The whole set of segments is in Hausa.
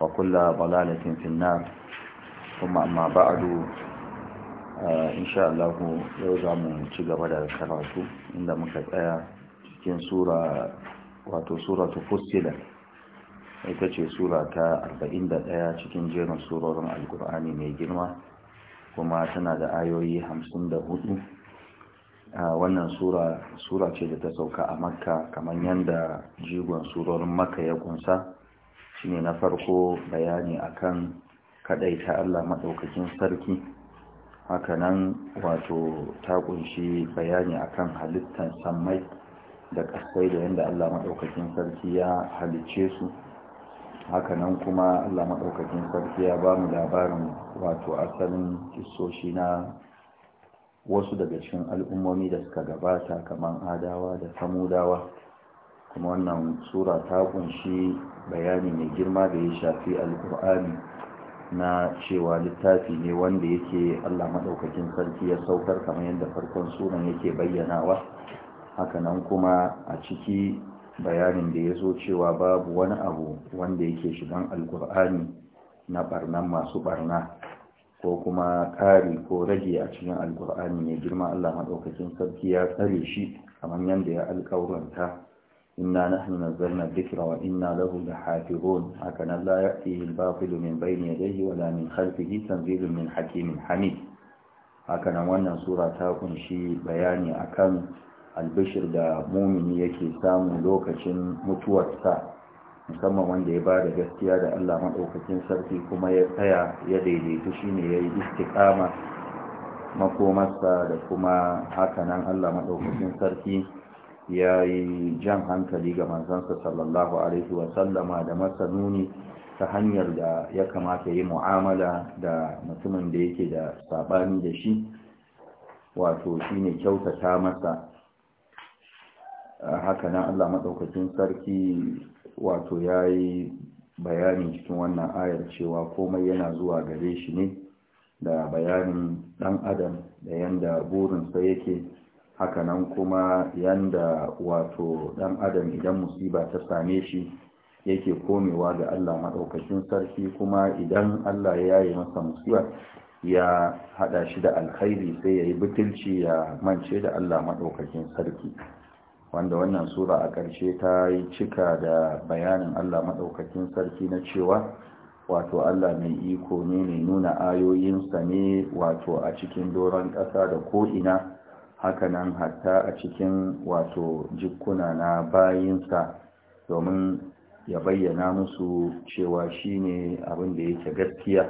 وكل ضلالة في النار ثم أما yau إن شاء الله يوزع من تجربة الكراتو عند مكتئة cikin sura wato suratu fussilat ita ce sura ta 41 cikin jerin surorin alkur'ani mai girma kuma tana da ayoyi 54 wannan sura sura ce da ta sauka a makka kamar yadda jigon surorin makka ya ƙunsa. ne na farko bayani akan ta Allah maɗaukakin sarki hakanan wato ta kunshi bayani akan halittar samai da kasai da yanda Allah madaukakin sarki ya halicce su hakanan kuma Allah madaukakin sarki ya ba mu labarin wato asalin kisoshi na wasu daga cikin al'ummomi da suka gabata kamar adawa da samudawa kuma wannan sura ta kunshi bayani mai girma da ya shafi alkur'ani na cewa littafi ne wanda yake allah maɗaukakin sarki ya saukar kamar yadda farkon sunan yake bayyanawa hakanan kuma a ciki bayanin da ya zo cewa babu wani abu wanda yake shigan alkur'ani na barnan masu barna ko kuma kari ko rage a cikin alkur'ani mai girma allah maɗaukakin sarki ya tsare shi kamar yadda ya alƙawarta. إنا نحن نزلنا الذكر وإنا له لحافظون هكذا لا يأتيه الباطل من بين يديه ولا من خلفه تنزيل من حكيم حميد هكذا وانا سورة تاكن شي بياني أكام البشر دا مؤمن يكي سامو لوكة متوسع musamman wanda ya ba da gaskiya da Allah maɗaukacin sarki kuma ya tsaya ya daidaitu shi ne ya yi istiƙama makomarsa da kuma hakanan Allah maɗaukacin sarki Yayi jan hankali ga manzansa sallallahu alaihi wasallama da masa nuni ta hanyar da ya kamata yi mu'amala da mutumin da yake da sabani da shi wato shi ne kyautata masa haka nan Allah maɗaukacin sarki wato ya yi bayani cikin wannan ayar cewa komai yana zuwa gare shi ne da bayanin ɗan adam da yanda burinsa yake hakanan kuma yanda wato dan adam idan musiba ta same shi yake komewa ga Allah madaukakin sarki kuma idan Allah ya yi masa musiba ya hada shi da alkhairi sai yayi bitilci ya mance da Allah madaukakin sarki wanda wannan sura a ƙarshe ta yi cika da bayanin Allah madaukakin sarki na cewa wato Allah mai iko ne mai nuna ayoyinsa ne wato a cikin doron ƙasa da ko'ina haka nan hatta a cikin wato jikuna na bayinsa domin ya bayyana musu cewa shi ne abin yake gaskiya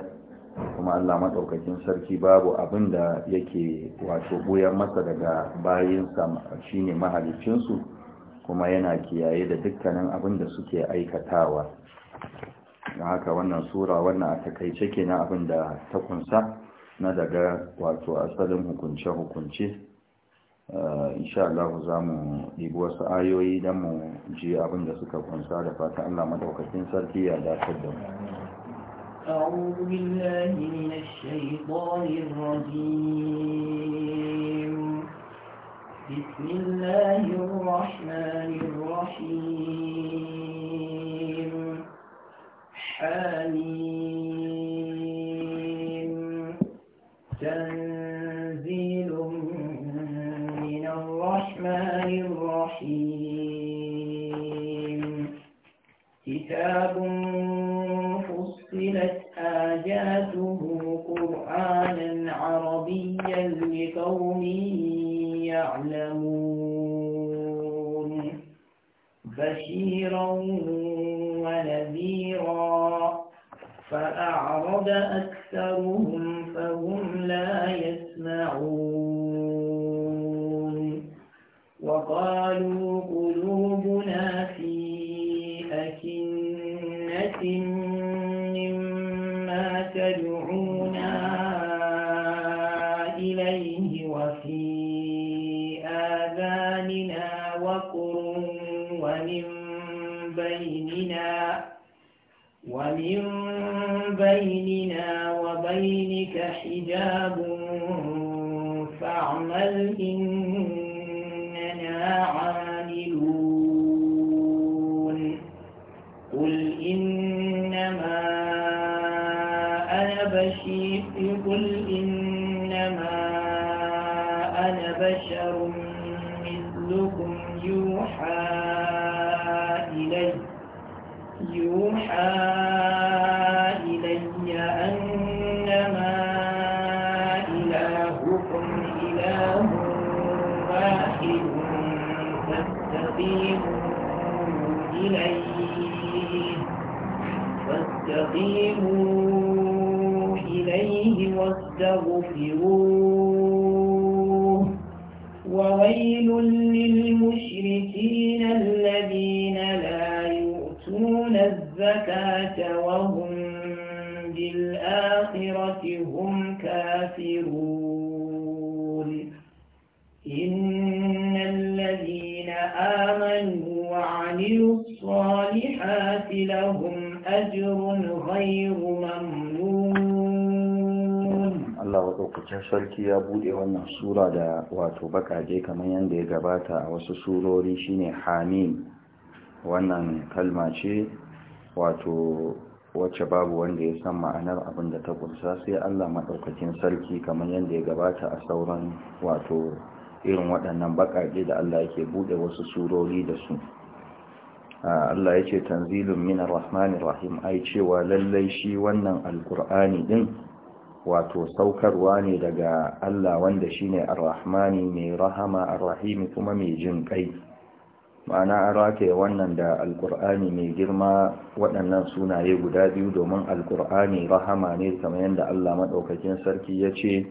kuma Allah maɗaukakin sarki babu abinda yake wato buyan masa daga bayinsa shi ne mahalicinsu kuma yana kiyaye da dukkanin abinda suke aikatawa na haka wannan sura wannan a takaice kenan abin da ta kunsa na daga wato asalin hukunce-hukunce Eh, insha Allah za mu ɗibi wasu ayoyi don mu ji abin da suka kunsa da fata Allah madaukakin sarki ya dakar da mu أعوذ بالله من الشيطان الرجيم بسم الله الرحمن بيننا ومن بيننا وبينك حجاب فاعمل إن وهم بالآخرة هم كافرون إن الذين آمنوا وعملوا الصالحات لهم أجر غير ممنون الله sarki ya buɗe wannan sura da wato bakaje kamar yadda ya gabata a wasu surori shine Hamin, wannan kalma ce wato wacce babu wanda ya san ma'anar abin da ta kunsa sai Allah maɗaukakin sarki kamar yadda ya gabata a sauran wato irin waɗannan baƙaƙe da Allah yake buɗe wasu surori da su Allah ya ce tanzilun minar rahmanir rahim ai cewa lallai shi wannan alkur'ani din wato saukarwa ne daga Allah wanda shine ar-rahmani mai rahama ar-rahim kuma mai jin kai ma'ana an rataye wannan da alkur'ani mai girma waɗannan sunaye guda biyu domin alkur'ani rahama ne kamar yadda allah maɗaukakin sarki ya ce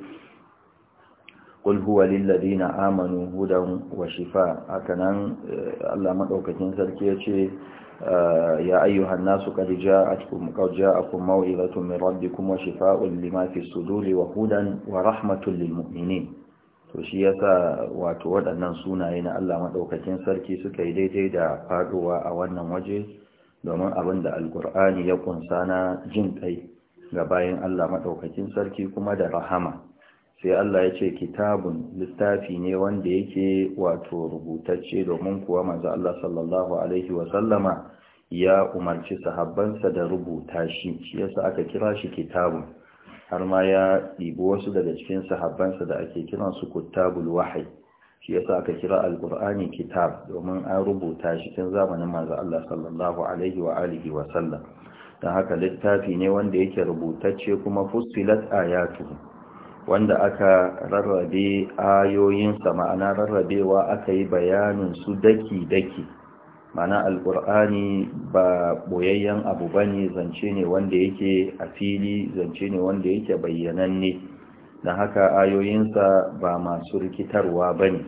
huwa lillazi na amanu hudan wa shifa haka eh, allah maɗaukakin sarki ya ce eh, ya ayyuhan nasu ƙarja a cikin ƙarja a kun mawai mai rabbi kuma shifa'un lima fi suduri wa hudan wa rahmatun lilmu'minin to shi yasa wato waɗannan sunaye na Allah maɗaukakin sarki suka yi daidai da faɗowa a wannan waje domin abin da alkur'ani ya ƙunsa na jin kai ga bayan Allah maɗaukakin sarki kuma da rahama sai Allah ya ce kitabun littafi ne wanda yake wato rubutacce domin kuwa manzo Allah sallallahu alaihi ya umarci sahabbansa da rubuta shi shi yasa aka kira shi kitabun har ma ya ɗibi wasu daga cikin sahabbansa da ake kiran su kuttabul wahai shi yasa aka kira alkur'ani kitab domin an rubuta shi tun zamanin manzo Allah sallallahu alaihi wa alihi wa sallam dan haka littafi ne wanda yake rubutacce kuma fussilat ayatuhu wanda aka rarrabe ayoyin sa ma'ana rarrabewa aka yi bayanin su daki daki mana alkur'ani ba boyayyen abu ba ne zance ne wanda yake a fili zance ne wanda yake bayyananne da haka ayoyinsa ba masu rikitarwa ba ne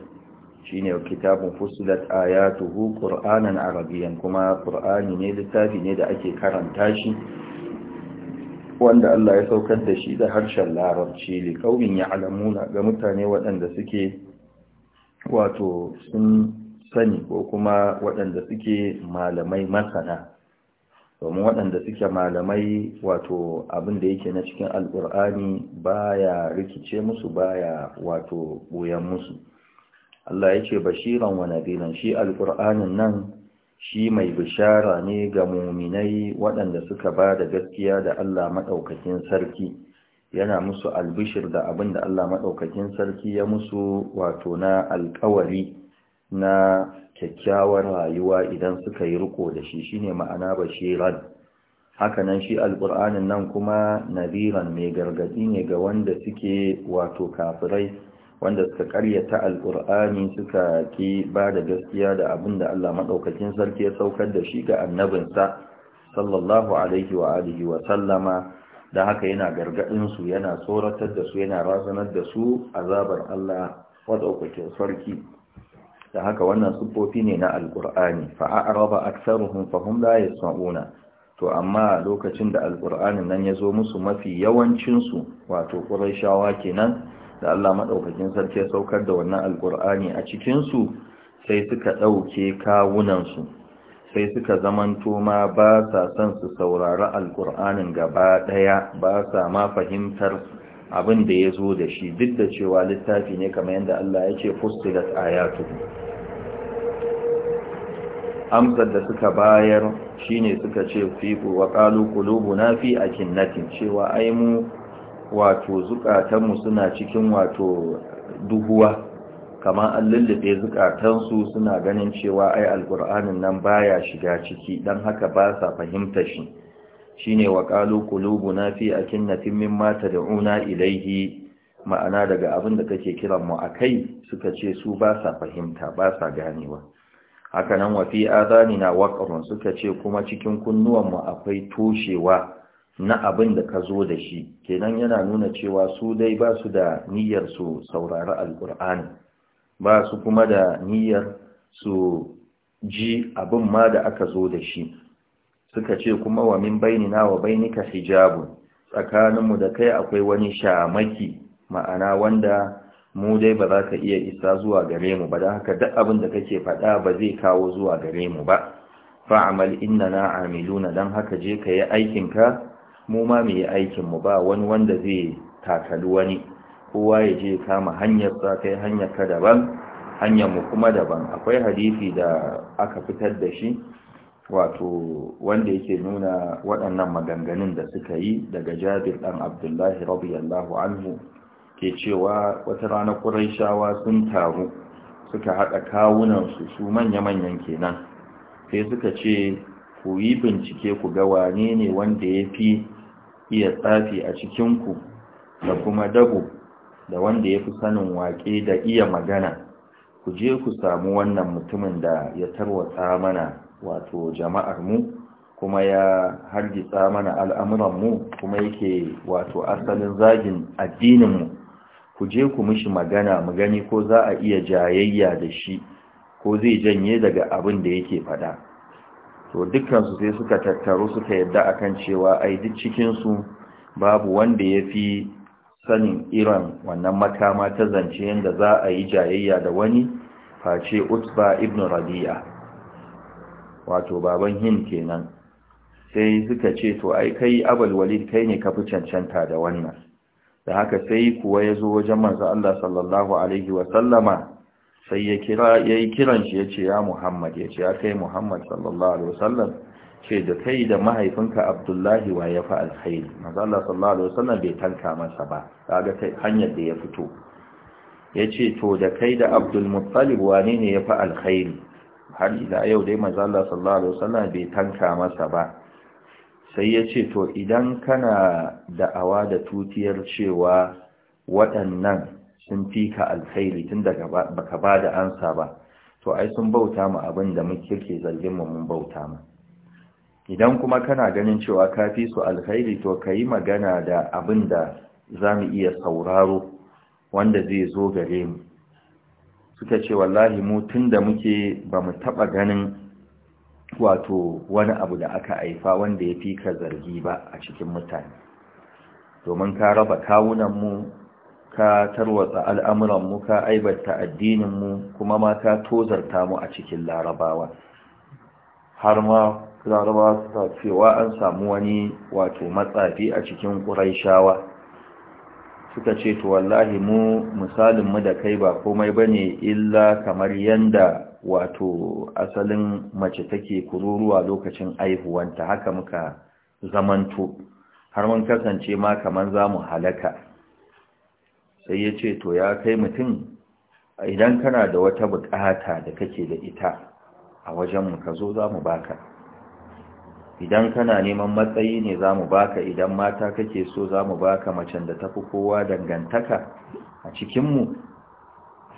shi ne kitabun fusilat ayatuhu ƙur'anan arabiyan kuma ƙur'ani ne littafi ne da ake karanta shi wanda Allah ya saukar da shi da harshen larabci li kaumin ya alamuna ga mutane waɗanda suke wato sun sani ko kuma waɗanda suke malamai masana domin waɗanda suke malamai wato abin da yake na cikin alƙur'ani baya rikice musu baya wato ɓoyan musu Allah ya ce bashiran wa nadiran shi alƙur'anin nan shi mai bishara ne ga muminai waɗanda suka ba da gaskiya da Allah maɗaukakin sarki yana musu albishir da abin da Allah maɗaukakin sarki ya musu wato na alkawari. na kyakkyawar rayuwa idan suka yi riko da shi shine ma'ana bashiran hakanan shi al'kur'anin nan kuma nadiran mai gargaɗi ne ga wanda suke wato kafirai wanda suka karyata alqur'ani suka ki ba da gaskiya da abin da Allah maɗaukakin sarki ya saukar da shi ga annabinsa sallallahu alaihi wa alihi wa sallama da haka yana gargadin su yana tsoratar da su yana razanar da su azabar Allah wadaukakin sarki da haka wannan siffofi ne na alkur'ani fa'araba aktsaruhum fahum la yasma'una to amma lokacin da alkur'anin nan ya zo musu mafi yawancin su wato quraishawa kenan da Allah madaukakin sarki ya saukar da wannan alkur'ani a cikin su sai suka dauke kawunan su sai suka zamanto ma ba sa son su saurari alkur'anin gaba daya ba sa ma fahimtar abin da ya zo da shi duk da cewa littafi ne kamar yadda Allah ya ce fustilat ayatuhu amsar da suka bayar shine suka ce fi wa qalu qulubuna fi akinnatin cewa ai mu wato zukatanmu suna cikin wato duhuwa kamar an lullube zukatansu suna ganin cewa ai alkur'anin nan baya shiga ciki dan haka ba sa fahimta shi shine wa qalu qulubuna fi akinnatin mimma tad'una ilayhi ma'ana daga abin da kake kiran mu akai suka ce su ba sa fahimta ba sa ganewa nan wafi na waqrun suka ce kuma cikin kunnuwanmu akwai toshewa na abin da ka zo da shi kenan yana nuna cewa su dai ba su da niyyar su saurari alkur'ani ba su kuma da niyyar su ji abin ma da aka zo da shi suka ce kuma wa min na wa ka hijabun tsakaninmu da kai akwai wani shamaki ma'ana wanda mu dai ba za ka iya isa zuwa gare mu ba da haka duk abin da kake faɗa ba zai kawo zuwa gare mu ba fa'amal na amiluna don haka je ka yi aikinka mu ma mu yi aikinmu ba wani wanda zai takali wani kowa ya je kama hanyar ka kai hanyar ka daban hanyar mu kuma daban akwai hadisi da aka fitar da shi wato wanda yake nuna waɗannan maganganun da suka yi daga jabir ɗan abdullahi radiyallahu anhu ke cewa wata rana ƙuraishawa sun taru suka haɗa kawunan su manya-manyan kenan sai suka ce ku yi bincike ku ga wane ne wanda ya fi iya tsafi a cikinku da kuma dabo da wanda ya fi sanin waƙe da iya magana ku je ku samu wannan mutumin da ya tarwata mana wato jama'ar mu kuma ya hargitsa mana al'amuran mu kuma yake wato asalin zagin addinin mu. ku je ku mishi magana mu gani ko za a iya jayayya da shi ko zai janye daga abin da yake faɗa to dukkansu sai suka tattaru suka yadda akan cewa ai duk cikinsu babu wanda ya fi sanin iran wannan makama ta zance yadda za a yi jayayya da wani face utba ibn rabi'a wato baban hin kenan sai suka ce to ai kai abul walid kai ne ka fi cancanta da wannan da haka sai kuwa ya zo wajen manzo Allah sallallahu alaihi wasallama sai ya kira kiran shi yace ya Muhammad yace ya kai Muhammad sallallahu alaihi wasallam ce da kai da mahaifinka Abdullahi wa ya fa alkhairi manzo Allah sallallahu alaihi wasallam bai tanka masa ba kaga kai hanyar da ya fito yace to da kai da Abdul Muttalib wane ne ya fa alkhairi har ila yau dai manzo Allah sallallahu alaihi wasallam bai tanka masa ba sai ya ce to idan kana da'awa da tutiyar cewa waɗannan sun fi ka alkhairi tun daga baka ba da ansa ba to ai sun bauta mu abin da muke ke zargin mu mun bauta mu idan kuma kana ganin cewa ka fi su alkhairi to ka yi magana da abin da za mu iya sauraro wanda zai zo gare mu suka ce wallahi mu tun da muke ba mu taɓa ganin wato wani abu da aka haifa wanda ya fi ka zargi ba a cikin mutane domin ka raba kawunanmu ka tarwatsa al'amuranmu ka aibata addininmu kuma ma ka tozarta mu a cikin larabawa har ma larabawa suka cewa an samu wani wato matsafi a cikin ƙuraishawa suka ce to wallahi mu misalinmu da kai ba komai ba ne illa kamar yanda wato asalin mace take kururuwa lokacin aihuwanta haka muka zamanto har mun kasance ma kaman za mu halaka sai ya ce to ya kai mutum idan kana da wata bukata da kake da ita a wajenmu ka zo za mu baka idan kana neman matsayi ne za mu baka idan mata kake so za mu baka macen da tafi kowa dangantaka a cikinmu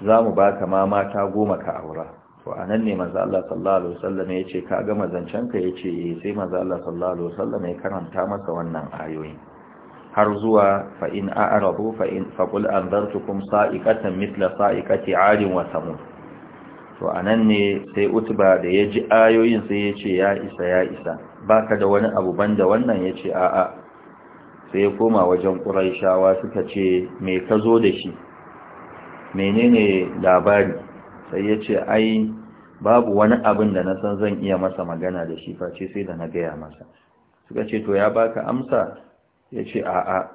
za mu baka ma mata goma ka aura to a nan ne manzo Allah sallallahu alaihi wasallam ya ce ka gama zancenka ya ce eh, sai maza Allah sallallahu alaihi wasallam ya karanta masa wannan ayoyi har zuwa fa in a'radu fa in faqul anzartukum sa'iqatan mithla sa'iqati 'adin wa samud to a nan ne sai utba da ya ji ayoyin sai ya ce ya isa ya isa baka da wani abu banda wannan ya ce a'a sai ya koma wajen ƙuraishawa suka ce me ka zo da shi menene labari sai yace ai babu wani abin da na san zan iya masa magana da shi face sai da na gaya masa suka ce to ya baka amsa ya ce a'a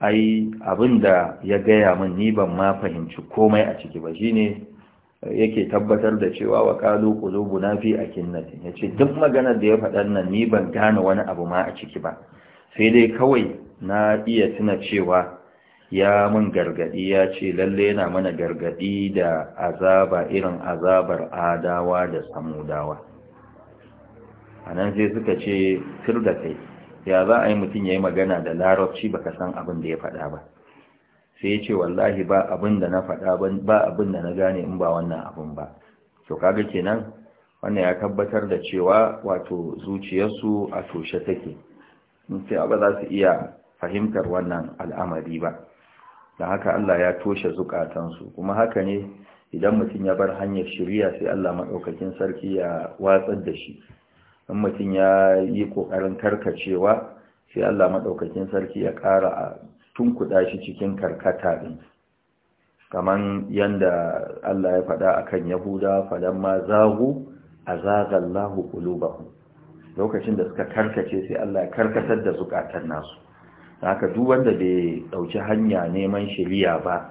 ai abin da ya gaya min ni ban ma fahimci komai a ciki ba Shi ne yake tabbatar da cewa wa kulubu na fi Ya ce duk maganar da ya faɗan nan ni ban gane wani abu ma a ciki ba sai dai kawai na iya tuna cewa ya mun gargadi ya ce lalle yana mana gargadi da azaba irin azabar adawa da samudawa a nan sai suka ce fir da kai ya za a yi mutum ya yi magana da larabci baka san abin da ya faɗa ba sai ya ce wallahi ba abin da na faɗa ba abin da na gane in ba wannan abin ba to kaga kenan wannan ya tabbatar da cewa wato zuciyarsu a toshe take in sai ba za su iya fahimtar wannan al'amari ba da haka Allah ya toshe zukatansu kuma haka ne idan mutum ya bar hanyar shirya sai Allah maɗaukakin sarki ya watsar da shi in mutum ya yi ƙoƙarin karkacewa sai Allah maɗaukakin sarki ya ƙara a tunkuɗa shi cikin karkata ɗin Kamar yadda Allah ya faɗa a kan Yahuda faɗan ma zagu zagallahu qulubahum lokacin da suka karkace sai Allah ya karkatar da zukatan nasu haka duk wanda bai dauki hanya neman shiriya ba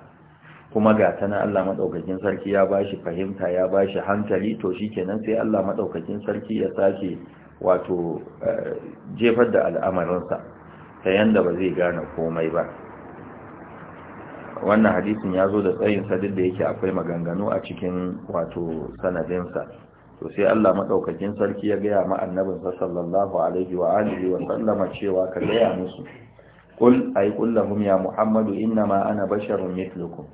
kuma ga tana Allah madaukakin sarki ya bashi fahimta ya bashi hankali to shikenan sai Allah madaukakin sarki ya sake wato eh, jefar da al'amarinsa ta yanda ba zai gane komai ba wannan hadisin ya zo da tsayin sadid da yake akwai maganganu a cikin wato sanadinsa to sai Allah madaukakin sarki ya gaya ma annabinsa sallallahu alaihi wa alihi wa sallama cewa ka gaya musu kul ay kul lahum ya muhammadu innama ana basharun mithlukum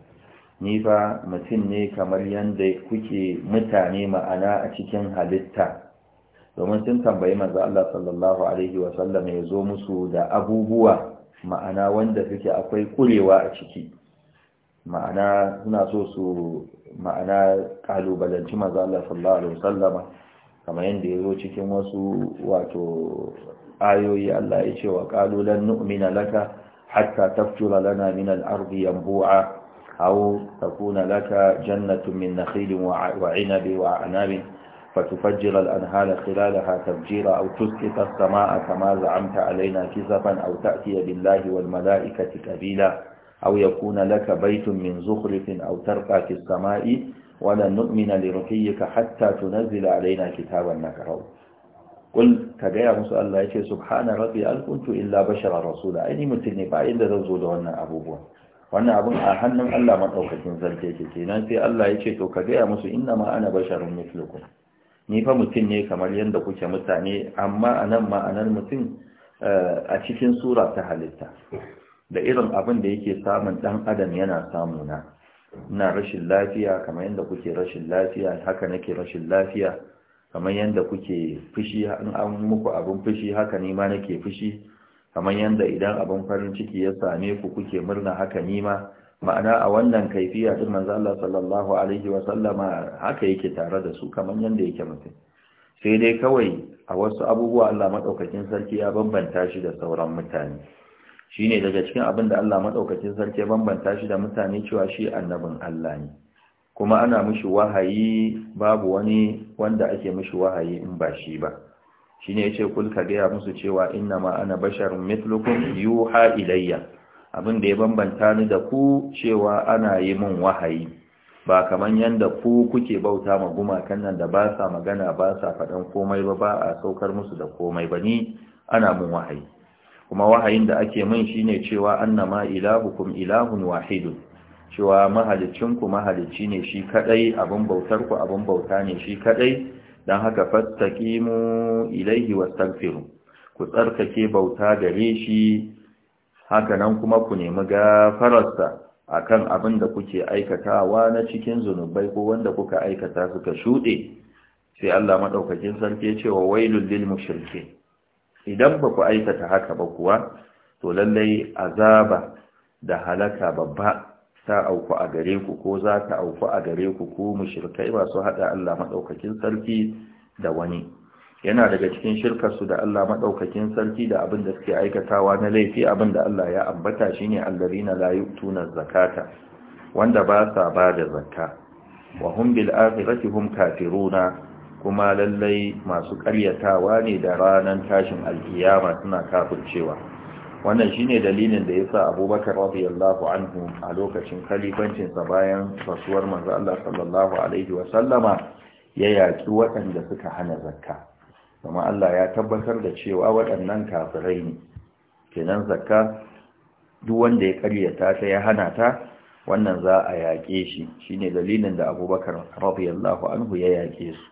ni fa mutum ne kamar yanda kuke mutane ma'ana a cikin halitta domin sun tambayi manzo Allah sallallahu alaihi wa sallam ya zo musu da abubuwa ma'ana wanda suke akwai kurewa a ciki ma'ana suna so su ma'ana kalubalanci manzo Allah sallallahu alaihi wa sallama kamar yanda ya zo cikin wasu wato آيوي Allah إيشي وقالوا لن نؤمن لك حتى تفجر لنا من الأرض ينبوعا أو تكون لك جنة من نخيل وعنب وعناب فتفجر الأنهار خلالها تفجيرا أو تسقط السماء كما زعمت علينا كسفا أو تأتي بالله والملائكة كبيلا أو يكون لك بيت من زخرف أو ترقى في السماء ولن نؤمن لرقيك حتى تنزل علينا كتابا نكره kul ka gaya musu Allah ya ce subhana rabbi alkuntu illa bashara rasula aini mutum ne ba inda zan zo da wannan abubuwan wannan abun a hannun Allah maɗaukacin sarki yake kenan sai Allah ya ce to ka gaya musu inna ma ana basharun mislukum ni fa mutum ne kamar yadda kuke mutane amma anan ma nan mutum a cikin sura ta halitta da irin abin da yake samun dan adam yana samu na ina rashin lafiya kamar yadda kuke rashin lafiya haka nake rashin lafiya kamar yadda kuke fushi in an muku abin fushi haka nima nake fushi kamar yadda idan abin farin ciki ya same ku kuke murna haka nima ma'ana a wannan kaifiya din manzo Allah sallallahu alaihi wa sallama haka yake tare da su kamar yadda yake mutum sai dai kawai a wasu abubuwa Allah madaukakin sarki ya bambanta shi da sauran mutane shine daga cikin abin da Allah madaukakin sarki ya bambanta shi da mutane cewa shi annabin Allah ne kuma ana mishi wahayi babu wani wanda ake mishi wahayi in ba shi ba shine yace ce kulka gaya musu cewa ma ana mitlukun yi yuha ilayya Abinda ya bambanta ni da ku cewa ana yi min wahayi ba kamar yadda ku kuke bauta ma gumakan nan da ba sa magana ba sa faɗan komai ba ba a saukar musu da komai ba ni ana min wahayi kuma wahayin da ake min ne cewa annama ilahukum ilahun wahidun cewa ku mahalici ne shi kadai abin bautarku abin bauta ne shi kadai don haka fastaqimu ilaihi wastaghfiru ku tsarkake bauta gare shi haka nan kuma ku nemi gafararsa akan abin da kuke aikatawa na cikin zunubai ko wanda kuka aikata suka shuɗe. sai Allah maɗaukakin sarki ya ce wa wailul lil mushrike idan ba ku aikata haka ba kuwa to lallai azaba da halaka babba ta auku a gare ku ko za ta auku a gare ku ku mushrikai masu hada Allah maɗaukakin sarki da wani yana daga cikin shirkarsu da Allah maɗaukakin sarki da abin da suke aikatawa na laifi abin da Allah ya ambata shine na la tunar zakata wanda ba sa ba da zakka wa hum bil akhirati hum kafiruna kuma lallai masu ƙaryatawa ne da ranar tashin alkiyama suna kafircewa wannan shine dalilin da yasa abubakar radiyallahu anhu a lokacin khalifancinsa bayan rasuwar manzo Allah sallallahu alaihi wa sallama ya yaki waɗanda suka hana zakka kuma Allah ya tabbatar da cewa waɗannan kafirai ne kenan zakka duk wanda ya karyata ta ya hana ta wannan za a yaƙe shi shine dalilin da abubakar radiyallahu anhu ya yaƙe su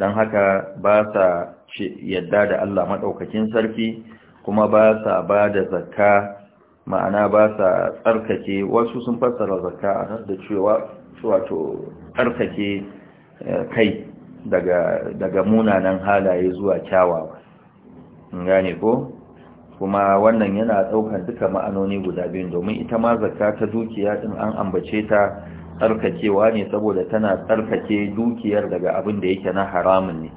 don haka ba sa yadda da Allah maɗaukakin sarki kuma ba sa ba da zakka ma'ana ba sa tsarkake wasu sun fassara zakka da cewa wato tsarkake eh, kai daga munanan halaye zuwa kyawawa gane ko kuma wannan yana daukan duka ma'anoni guda biyu domin ita ma zakka ta dukiya din an ambace ta tsarkakewa ne saboda tana tsarkake dukiyar daga abin da yake na haramun ne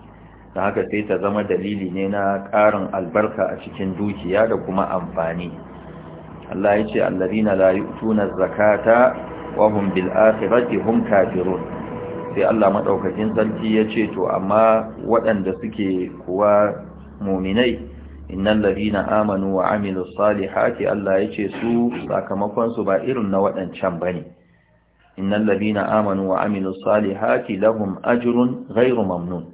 da haka sai ta zama dalili ne na ƙarin albarka a cikin dukiya da kuma amfani Allah ya ce allazina la yu'tuna zakata wa hum bil akhirati hum kafirun sai Allah madaukakin sarki ya ce to amma waɗanda suke kuwa mu'minai innal ladina amanu wa amilus salihati Allah ya ce su sakamakon su ba irin na waɗancan bane innal ladina amanu wa amilus salihati lahum ajrun ghairu mamnun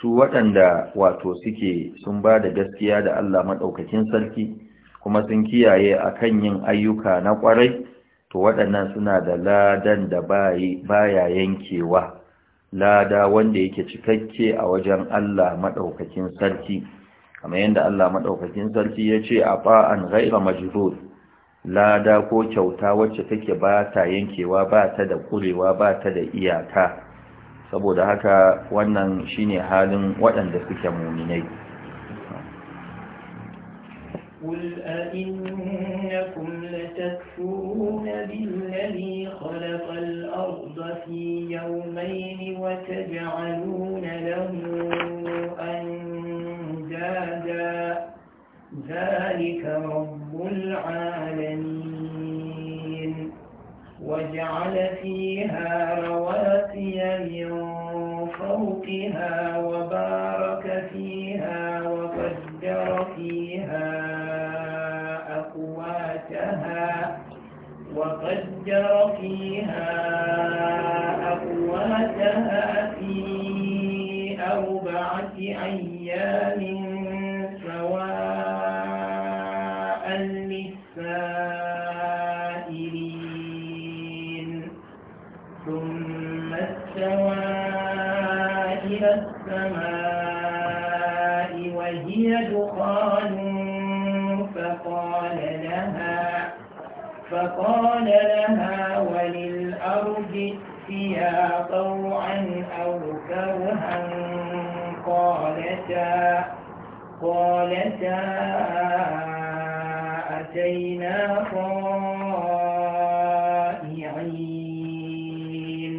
su waɗanda wato suke sun ba da gaskiya da Allah maɗaukakin sarki kuma sun kiyaye a kan yin ayyuka na ƙwarai to waɗannan suna da ladan da baya yankewa lada wanda yake cikakke a wajen Allah maɗaukakin sarki kamar yadda Allah maɗaukakin sarki ya ce a ba'an ghaira majrur lada ko kyauta wacce take ba ta yankewa ba ta da ƙurewa ba ta da iyaka saboda haka wannan shine halin waɗanda suke muminai قل أئنكم لتكفرون بالذي خلق الأرض في يومين وتجعلون له أندادا ذلك رب العالمين وجعل فيها رواسي من فوقها وبارك فيها وفجر فيها أقواتها وفجر فيها أقواتها في أربعة أيام سواء لها وللأرض ائتيا طوعا أو كرها قالتا قالتا أتينا طائعين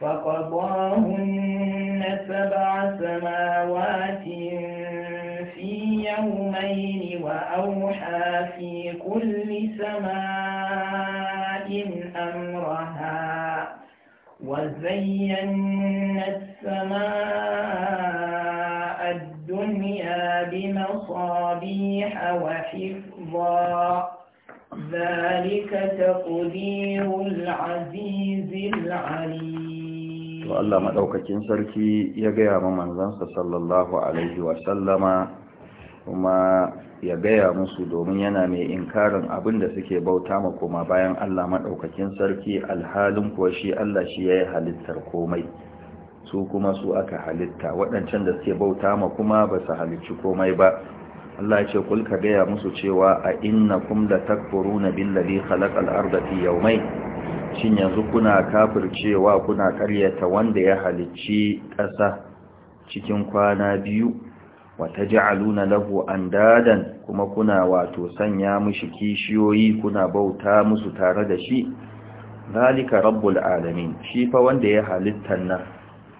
فقضاهن سبع سماوات في يومين وأوحى في كل سماوات زينا السماء الدنيا بمصابيح وحفظا ذلك تقدير العزيز العليم والله ما دوكاكين سركي يا غيا ما صلى الله عليه وسلم kuma ya gaya musu domin yana mai inkarin abin da suke bauta ma koma bayan Allah maɗaukakin sarki alhalin kuwa shi Allah shi ya yi halittar komai su kuma su aka halitta waɗancan da suke bauta ma kuma ba su halicci komai ba Allah ce kulka gaya musu cewa a inna innakum la takfuruna billazi khalaqal arda fi yawmayn shin yanzu kuna kafir cewa kuna karyata wanda ya halicci ƙasa cikin kwana biyu wata aluna lahu andadan kuma kuna wato sanya mushi kishiyoyi kuna bauta musu tare da shi zalika rabbul alamin shi fa wanda ya halitta nan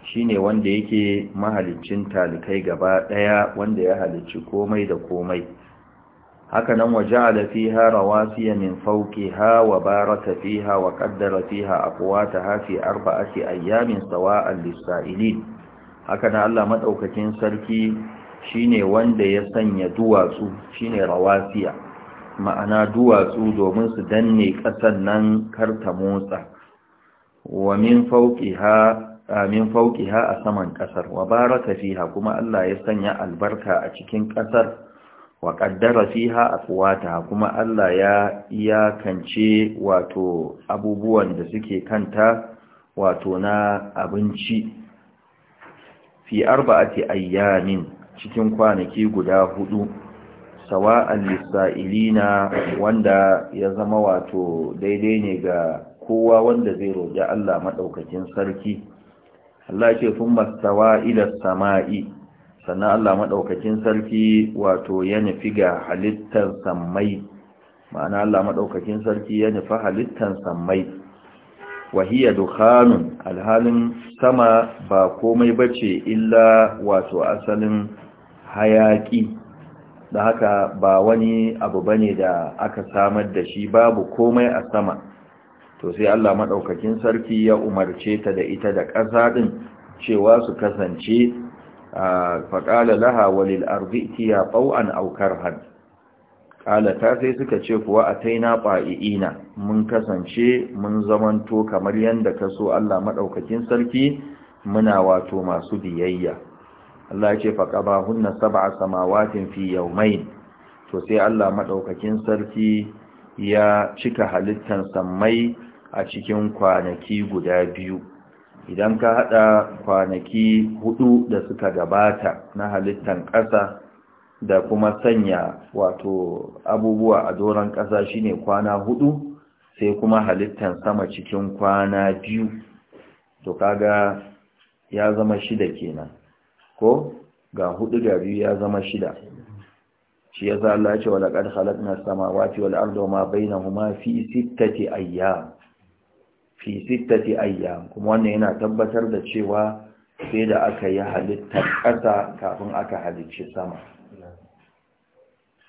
shine wanda yake mahaliccin talikai gaba daya wanda ya halicci komai da komai haka nan waja'ala fiha rawasiya min fawqiha wa baraka fiha wa qaddara fiha aqwataha fi arba'ati ayyamin sawa'an lis-sa'ilin haka nan Allah madaukakin sarki shine wanda ya sanya duwatsu shine rawasiya ma'ana duwatsu domin su danne ƙasan nan karta motsa wa min fawqiha min fawqiha a saman ƙasar wa baraka fiha kuma Allah ya sanya albarka a cikin ƙasar wa qaddara fiha aqwata kuma Allah ya kance wato abubuwan da suke kanta wato na abinci fi arba'ati ayyamin cikin kwanaki guda hudu sawa'an lissa'ilina wanda ya zama wato daidai ne ga kowa wanda zai roƙi Allah maɗaukakin sarki Allah ke sun mastawa ila sama'i sannan Allah maɗaukakin sarki wato ya nufi ga halittar sammai ma'ana Allah maɗaukakin sarki ya nufi halittar sammai wahiya dukhanun alhalin sama ba komai bace illa wato asalin hayaki da haka ba wani abu bane da aka samar da shi babu komai a sama to sai Allah madaukakin sarki ya umarce ta da ita da ƙasa din cewa su kasance faqala laha walil ardi tiya qaw'an aw karhan ta sai suka ce kuwa a taina fai'ina mun kasance mun zamanto kamar yadda ka so Allah maɗaukakin sarki muna wato masu biyayya Allah ya ce hunna sab'a samawatin fi yawmayn to sai Allah maɗaukakin sarki ya cika halittan sammai a cikin kwanaki guda biyu idan ka haɗa kwanaki hudu da suka gabata na halittan ƙasa da kuma sanya wato abubuwa a doron ƙasa shine kwana hudu sai kuma halittan sama cikin kwana biyu to kaga ya zama shida kenan ko ga hudu ga biyu ya zama shida shi ya za Allah ce wa laqad khalaqna samawati wal arda wama bainahuma fi sittati ayyam fi sittati ayyam kuma wannan yana tabbatar da cewa sai da aka yi halittar ƙasa kafin aka halicci sama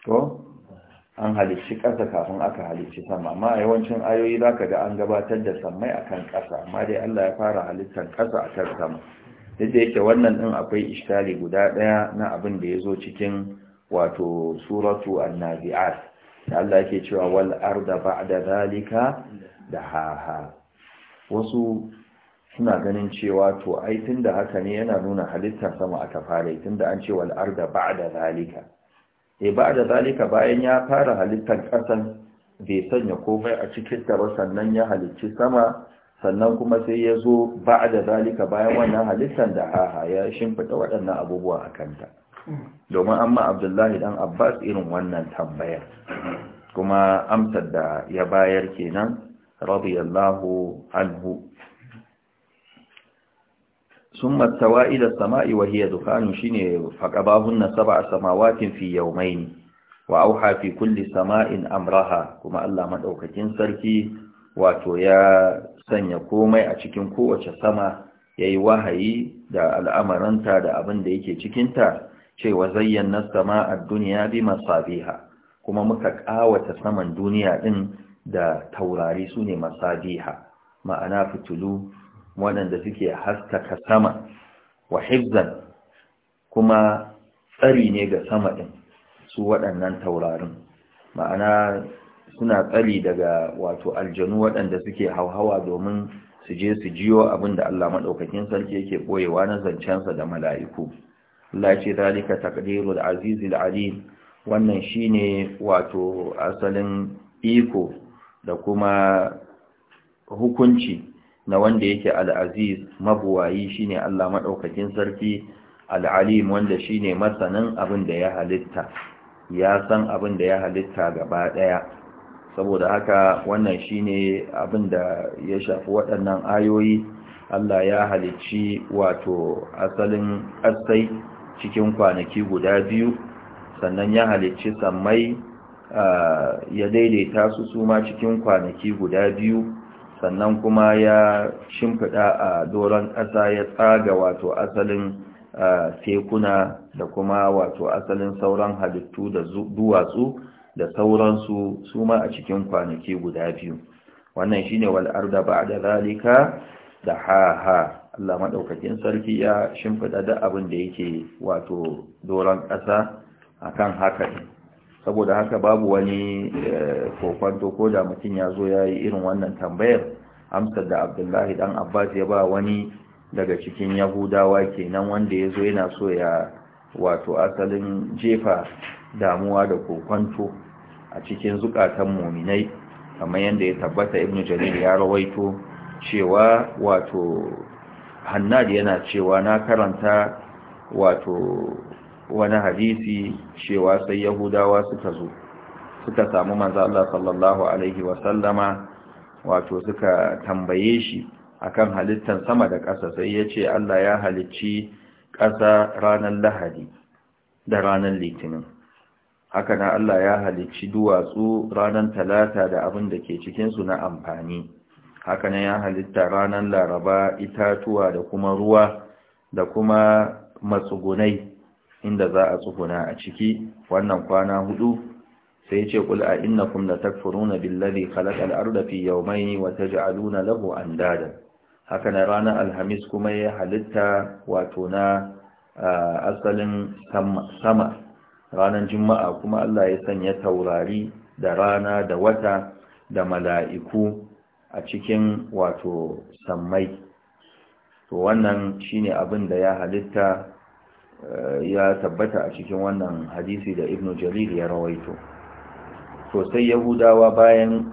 ko an halicci ƙasa kafin aka halicci sama amma a yawancin ayoyi zaka ga an gabatar da sammai akan ƙasa amma dai Allah ya fara halittar ƙasa a kan sama da yake wannan din akwai iskali guda daya na abin da yazo cikin wato suratu an da Allah yake cewa wal arda ba'da zalika dahaha wasu suna ganin cewa to ai tunda haka ne yana nuna halittar sama aka fara tunda an ce wal arda ba'da zalika eh ba'da zalika bayan ya fara halittar kasan bai sanya komai a cikin ta ba sannan ya halicci sama sannan kuma sai ya zo ba da zalika bayan wannan halittar da haha ya shimfita waɗannan abubuwa a kanta domin amma abdullahi dan abbas irin wannan tambayar kuma amsar da ya bayar kenan radiyallahu anhu sun matsawa ila sama'i wa hiya dukhanun shine faqabahunna sab'a samawatin fi yawmayn wa auha fi kulli sama'in amraha kuma Allah madaukakin sarki wato ya sanya komai a cikin kowace sama ya yi wahayi da al'amuranta da abin da yake cikinta cewa zayyana sama a duniya bi masabiha kuma muka ƙawata saman duniya ɗin da taurari su ne masabiha ma'ana fitulu waɗanda suke haskaka sama wa hibzan kuma tsari ne ga sama ɗin su waɗannan taurarin ma'ana suna tsari daga wato aljanu waɗanda suke hauhawa domin su je su jiyo abinda da Allah maɗaukakin sarki yake ɓoyewa na zancensa da mala'iku. Allah ce zalika taqdirul da alim wannan shine wato asalin iko da kuma hukunci na wanda yake al'aziz mabuwayi shine Allah maɗaukakin sarki al'alim wanda shine masanin abin da ya halitta ya san abin da ya halitta gaba ɗaya saboda haka wannan shine abin da ya shafi waɗannan ayoyi Allah ya halicci wato asalin ƙasai cikin kwanaki guda biyu sannan ya halicci sammai ya daidaita su suma cikin kwanaki guda biyu sannan kuma ya shimfiɗa a doron ƙasa ya tsaga wato asalin tekuna da kuma wato asalin sauran halittu da duwatsu da sauransu su ma a cikin kwanaki guda biyu wannan shine wal arda ba'da zalika da ha ha Allah madaukakin sarki ya shimfida da abin da yake wato doran ƙasa akan haka saboda haka babu wani eh, kokwanto ko da mutum ya zo ya yi irin wannan tambayar amsar da abdullahi dan abbas ya ba wani daga cikin yahudawa kenan wanda ya zo yana so ya wato asalin jefa damuwa da kokonto a cikin zukatan muminai kamar yadda ya tabbata ibn jarir ya rawaito cewa wato hannad yana cewa na karanta wato wani hadisi cewa sai yahudawa suka zo suka samu manzo Allah sallallahu alaihi wasallama wato suka tambaye shi akan halittan sama da ƙasa sai ya ce Allah ya halicci ƙasa ranar lahadi da ranar litinin haka na Allah ya halicci duwatsu ranar talata da abin da ke cikinsu na amfani haka na ya halitta ranar laraba itatuwa da kuma ruwa da kuma matsugunai inda za a tsuguna a ciki wannan kwana hudu sai ce kul a innakum la takfuruna billazi khalaqal arda fi yawmayni wa taj'aluna lahu andada haka na ranar alhamis kuma ya halitta wato na ah, asalin sama ranar juma'a kuma Allah ya sanya taurari da rana da wata da mala'iku a cikin wato sammai to wannan shine abin da ya halitta eh, ya tabbata a cikin wannan hadisi da ibnu jarir ya rawaito to sai yahudawa bayan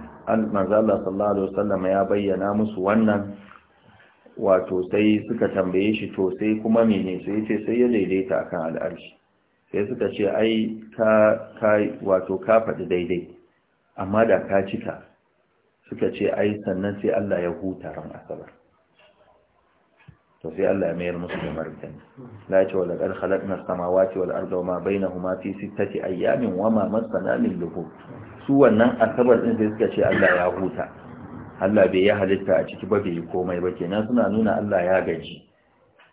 manzo sallallahu alaihi wasallam ya bayyana musu wannan wato sai suka tambaye shi to sai kuma menene sai ce sai ya daidaita akan al'arshi sai suka ce ai ka wato ka faɗi daidai amma da ka cika suka ce ai sannan sai Allah ya huta ran asabar to sai Allah ya mayar musu da martani la ce wala qad khalaqna samawati wal arda wama bainahuma fi sittati ayyamin wama massana min lubu su wannan asabar din sai suka ce Allah ya huta Allah bai ya halitta a ciki ba bai yi komai ba kenan suna nuna Allah ya gaji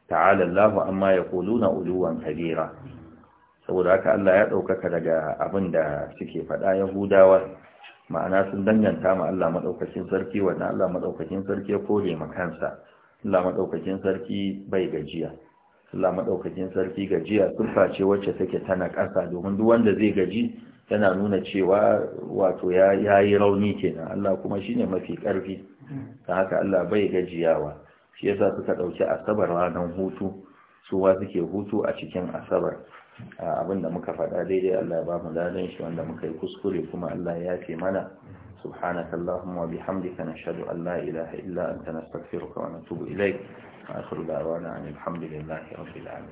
ta'ala Allahu amma yaquluna uluwan kabira saboda haka Allah ya ɗaukaka daga abin da suke faɗa yahudawa ma'ana sun danganta ma Allah maɗaukakin sarki wanda Allah maɗaukakin sarki ya kore makansa kansa Allah maɗaukakin sarki bai gajiya Allah maɗaukakin sarki gajiya siffa ce wacce take tana ƙasa domin duk wanda zai gaji yana nuna cewa wato ya yayi rauni kenan Allah kuma shine mafi ƙarfi ta haka Allah bai gajiyawa shi yasa suka ɗauki asabar ranar hutu suwa suke hutu a cikin asabar abinda muka faɗa daidai Allah ya ba mu ladan shi wanda muka yi kuskure kuma Allah ya yafe mana subhanaka allahumma bihamdika nashhadu an la ilaha illa anta nastaghfiruka wa natubu ilayk wa akhiru da'wana alhamdulillahi rabbil alamin